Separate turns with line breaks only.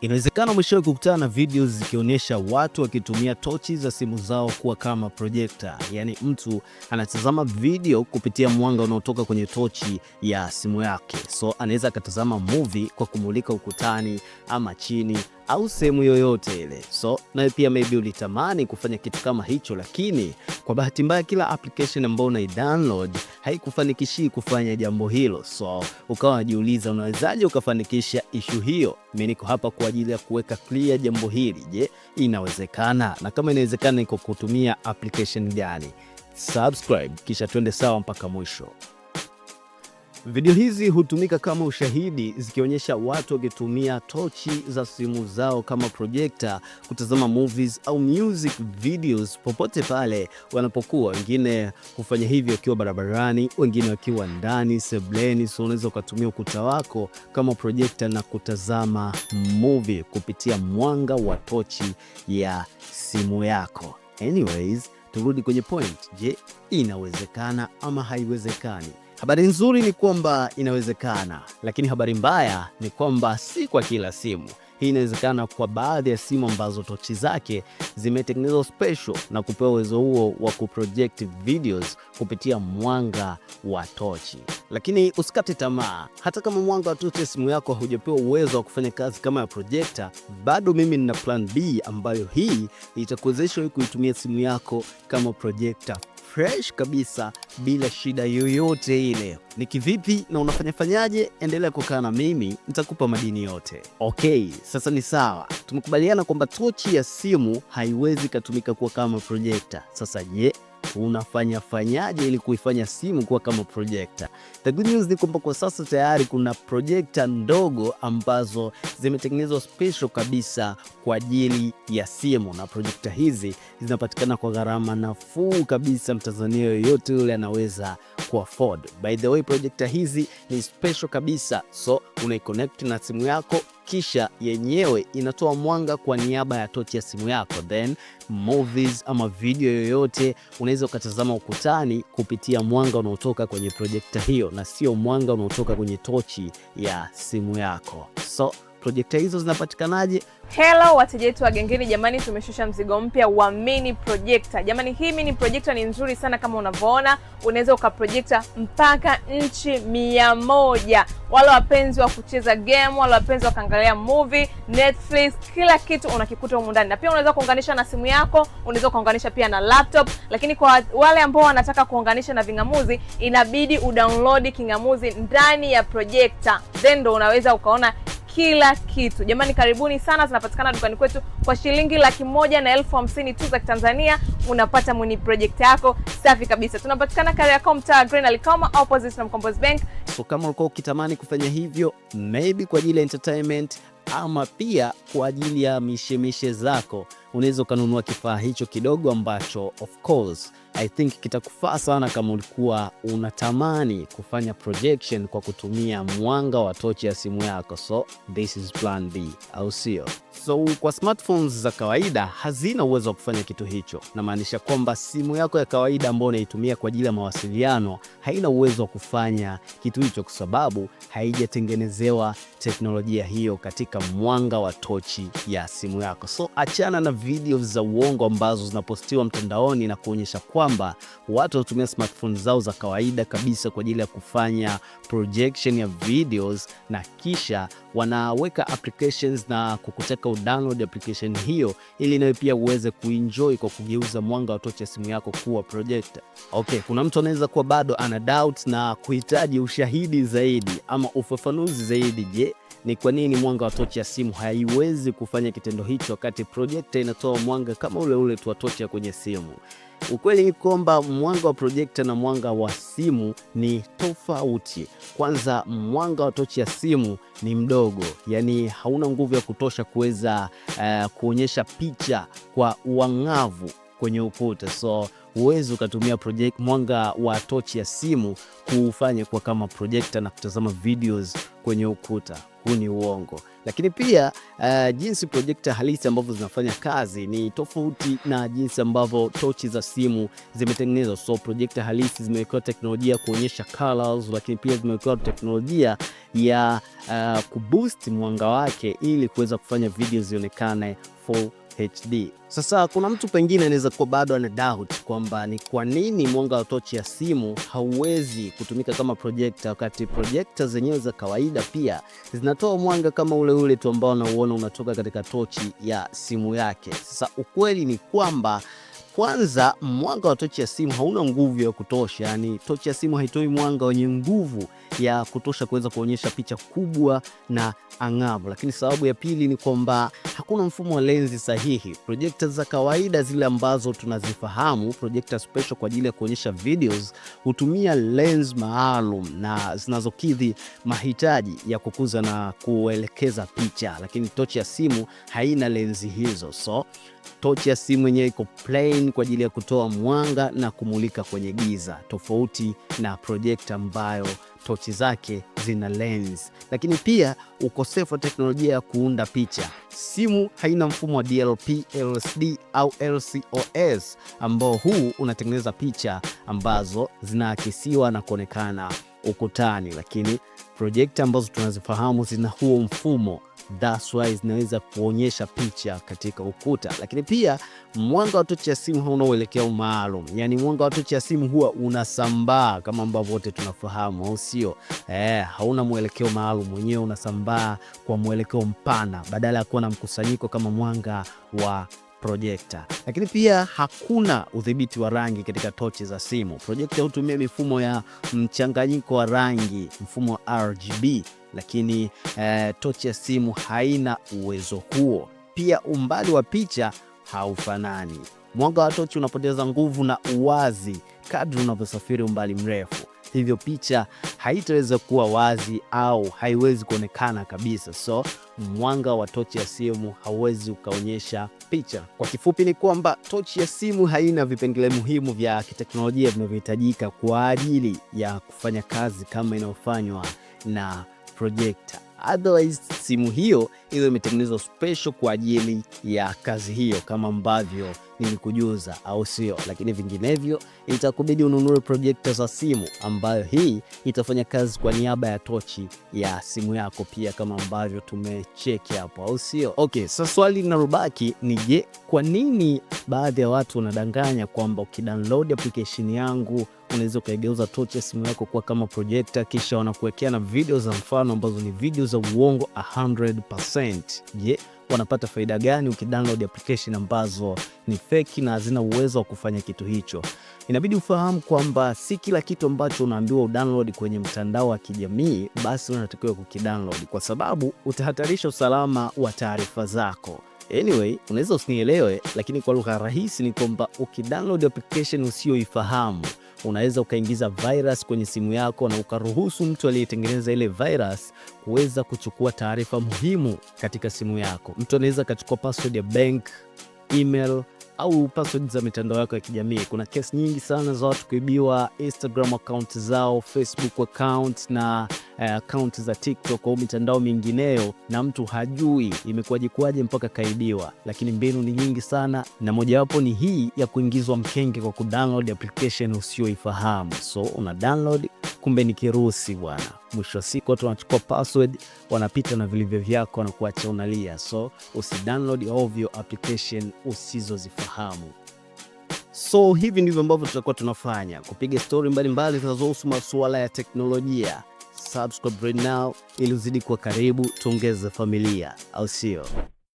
Inawezekana mwishowe kukutana na video zikionyesha watu wakitumia tochi za simu zao kuwa kama projekta, yaani mtu anatazama video kupitia mwanga unaotoka kwenye tochi ya simu yake. So anaweza akatazama movie kwa kumulika ukutani ama chini au sehemu yoyote ile. So nawe pia maybe ulitamani kufanya kitu kama hicho, lakini kwa bahati mbaya kila application ambayo unaidownload haikufanikishii kufanya jambo hilo. So ukawa unajiuliza unawezaje ukafanikisha ishu hiyo? Mi niko hapa kwa ajili ya kuweka clear jambo hili. Je, inawezekana? Na kama inawezekana, niko kutumia application gani? Subscribe kisha tuende sawa mpaka mwisho. Video hizi hutumika kama ushahidi zikionyesha watu wakitumia tochi za simu zao kama projekta kutazama movies au music videos popote pale wanapokuwa. Wengine hufanya hivyo wakiwa barabarani, wengine wakiwa ndani sebleni. So unaweza ukatumia ukuta wako kama projekta na kutazama movie kupitia mwanga wa tochi ya simu yako. Anyways, turudi kwenye point. Je, inawezekana ama haiwezekani? Habari nzuri ni kwamba inawezekana, lakini habari mbaya ni kwamba si kwa kila simu. Hii inawezekana kwa baadhi ya simu ambazo tochi zake zimetengenezwa special na kupewa uwezo huo wa kuproject videos kupitia mwanga wa tochi. Lakini usikate tamaa, hata kama mwanga wa tochi ya simu yako haujapewa uwezo wa kufanya kazi kama ya projekta, bado mimi nina plan B ambayo hii itakuwezesha kuitumia simu yako kama projekta fresh kabisa bila shida yoyote ile. Ni kivipi na unafanya fanyaje? Endelea kukaa na mimi, nitakupa madini yote. Okay, sasa ni sawa, tumekubaliana kwamba tochi ya simu haiwezi ikatumika kuwa kama projekta. Sasa je, unafanya fanyaje ili kuifanya simu kuwa kama projekta The good news ni kwamba kwa sasa tayari kuna projekta ndogo ambazo zimetengenezwa special kabisa kwa ajili ya simu, na projekta hizi zinapatikana kwa gharama nafuu kabisa. Mtanzania yoyote yule anaweza ku afford. By the way, projekta hizi ni special kabisa, so unaiconnect na simu yako kisha yenyewe inatoa mwanga kwa niaba ya tochi ya simu yako, then movies ama video yoyote unaweza ukatazama ukutani kupitia mwanga unaotoka kwenye projekta hiyo na sio mwanga unaotoka kwenye tochi ya simu yako so projekta hizo zinapatikanaje?
Hello wateja wetu wa gengeni, jamani, tumeshusha mzigo mpya wa mini projekta. Jamani, hii mini projekta ni nzuri sana, kama unavyoona, unaweza ukaprojekta mpaka nchi mia moja. Wale wapenzi wa kucheza game, wale wapenzi wa kuangalia movie, Netflix, kila kitu unakikuta humu ndani, na pia unaweza kuunganisha na simu yako, unaweza kuunganisha pia na laptop. Lakini kwa wale ambao wanataka kuunganisha na ving'amuzi, inabidi udownload king'amuzi ndani ya projekta, then ndo unaweza ukaona kila kitu. Jamani, karibuni sana, zinapatikana dukani kwetu kwa shilingi laki moja na elfu hamsini tu za Kitanzania, unapata mini project yako safi kabisa. Tunapatikana Kariakoo, mtaa Green Alikoma, opposite na Mkombozi Bank.
So kama ulikuwa ukitamani kufanya hivyo, maybe kwa ajili ya entertainment ama pia kwa ajili ya mishemishe zako, unaweza ukanunua kifaa hicho kidogo ambacho of course I think kitakufaa sana kama ulikuwa unatamani kufanya projection kwa kutumia mwanga wa tochi ya simu yako, so this is plan B, au sio? So kwa smartphones za kawaida hazina uwezo wa kufanya kitu hicho. Namaanisha kwamba simu yako ya kawaida ambayo unaitumia kwa ajili ya mawasiliano haina uwezo wa kufanya kitu hicho, kwa sababu haijatengenezewa teknolojia hiyo katika mwanga wa tochi ya simu yako. So achana na video za uongo ambazo zinapostiwa mtandaoni na kuonyesha kwa kwamba watu wanatumia smartphone zao za kawaida kabisa kwa ajili ya kufanya projection ya videos na kisha wanaweka applications na kukutaka udownload application hiyo, ili nawe pia uweze kuenjoy kwa kugeuza mwanga wa tochi ya simu yako kuwa projector. Okay, kuna mtu anaweza kuwa bado ana doubt na kuhitaji ushahidi zaidi ama ufafanuzi zaidi. Je, ni kwa nini mwanga wa tochi ya simu haiwezi kufanya kitendo hicho wakati projekta inatoa mwanga kama ule ule tu wa tochi ya kwenye simu? Ukweli ni kwamba mwanga wa projekta na mwanga wa simu ni tofauti. Kwanza, mwanga wa tochi ya simu ni mdogo, yaani hauna nguvu ya kutosha kuweza uh, kuonyesha picha kwa uang'avu kwenye ukuta so huwezi ukatumia project, mwanga wa tochi ya simu kuufanye kuwa kama projekta na kutazama videos kwenye ukuta. Huu ni uongo. Lakini pia uh, jinsi projekta halisi ambavyo zinafanya kazi ni tofauti na jinsi ambavyo tochi za simu zimetengenezwa. So projekta halisi zimewekewa teknolojia kuonyesha colors, lakini pia zimewekewa teknolojia ya uh, kuboost mwanga wake ili kuweza kufanya video zionekane full HD. Sasa kuna mtu pengine anaweza kuwa bado ana doubt kwamba ni kwa nini mwanga wa tochi ya simu hauwezi kutumika kama projector, wakati projector zenyewe za kawaida pia zinatoa mwanga kama ule ule tu ambao unauona unatoka katika tochi ya simu yake. Sasa ukweli ni kwamba kwanza mwanga wa tochi ya simu hauna nguvu ya kutosha, yani tochi ya simu haitoi mwanga wenye nguvu ya kutosha kuweza kuonyesha picha kubwa na ang'avu. Lakini sababu ya pili ni kwamba hakuna mfumo wa lenzi sahihi. Projekta za kawaida zile ambazo tunazifahamu, projekta special kwa ajili ya kuonyesha videos, hutumia lens maalum na zinazokidhi mahitaji ya kukuza na kuelekeza picha, lakini tochi ya simu haina lenzi hizo so tochi ya simu yenyewe iko plain kwa ajili ya kutoa mwanga na kumulika kwenye giza, tofauti na projekta ambayo tochi zake zina lens. Lakini pia ukosefu wa teknolojia ya kuunda picha, simu haina mfumo wa DLP, LCD au LCOS ambao huu unatengeneza picha ambazo zinaakisiwa na kuonekana ukutani, lakini projekta ambazo tunazifahamu zina huo mfumo that's why zinaweza kuonyesha picha katika ukuta. Lakini pia mwanga wa tochi ya simu hauna uelekeo maalum, yani mwanga wa tochi ya simu huwa unasambaa kama ambavyo wote tunafahamu, au sio? Eh, hauna mwelekeo maalum, wenyewe unasambaa kwa mwelekeo mpana badala ya kuwa na mkusanyiko kama mwanga wa projekta. Lakini pia hakuna udhibiti wa rangi katika tochi za simu. Projekta hutumia mifumo ya mchanganyiko wa rangi, mfumo wa RGB lakini eh, tochi ya simu haina uwezo huo. Pia umbali wa picha haufanani. Mwanga wa tochi unapoteza nguvu na uwazi kadri unavyosafiri umbali mrefu, hivyo picha haitaweza kuwa wazi au haiwezi kuonekana kabisa. So mwanga wa tochi ya simu hauwezi ukaonyesha picha. Kwa kifupi, ni kwamba tochi ya simu haina vipengele muhimu vya kiteknolojia vinavyohitajika kwa ajili ya kufanya kazi kama inayofanywa na projector. Otherwise simu hiyo ile imetengenezwa special kwa ajili ya kazi hiyo, kama ambavyo nilikujuza, au sio? Lakini vinginevyo itakubidi ununue projekta za simu, ambayo hii itafanya kazi kwa niaba ya tochi ya simu yako pia, kama ambavyo tumecheki hapo, au sio? Okay, sasa swali linalobaki ni je, kwa nini baadhi ya watu wanadanganya kwamba ukidownload application yangu unaweza ukaigeuza tochi ya simu yako kuwa kama projekta, kisha wanakuwekea na video za mfano ambazo ni video za uongo 100%. Je, wanapata faida gani ukidownload application ambazo ni feki na hazina uwezo wa kufanya kitu hicho. Inabidi ufahamu kwamba si kila kitu ambacho unaambiwa udownload kwenye mtandao wa kijamii basi unatakiwa kukidownload, kwa sababu utahatarisha usalama wa taarifa zako. Anyway, unaweza usinielewe, lakini kwa lugha rahisi ni kwamba ukidownload application usiyoifahamu unaweza ukaingiza virus kwenye simu yako na ukaruhusu mtu aliyetengeneza ile virus kuweza kuchukua taarifa muhimu katika simu yako. Mtu anaweza akachukua password ya bank, email au password za mitandao yako ya kijamii. Kuna kesi nyingi sana za watu kuibiwa Instagram account zao, Facebook account na uh, account za TikTok au mitandao mingineyo, na mtu hajui imekuwaje kuwaje mpaka kaibiwa. Lakini mbinu ni nyingi sana, na mojawapo ni hii ya kuingizwa mkenge kwa kudownload application usioifahamu. So una download kumbe ni kirusi bwana. Mwisho wa siku watu wanachukua password, wanapita na vilivyo vyako na kuacha unalia. So usidownload ovyo application usizozifahamu. So hivi ndivyo ambavyo tutakuwa tunafanya kupiga stori mbalimbali zinazohusu masuala ya teknolojia. Subscribe right now ili uzidi kuwa karibu, tuongeze familia, au sio?